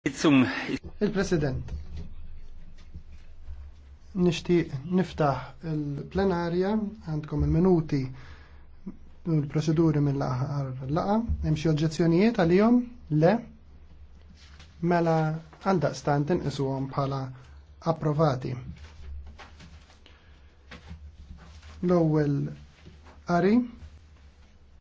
Il-President, nishtiq niftaħ il-plenarja, għandkom il-minuti u l-proċeduri mill laħar laqa, hemm xi oġġezzjonijiet għalihom? Le. Mela għaldaqstant għom bħala approvati. L-ewwel Ari.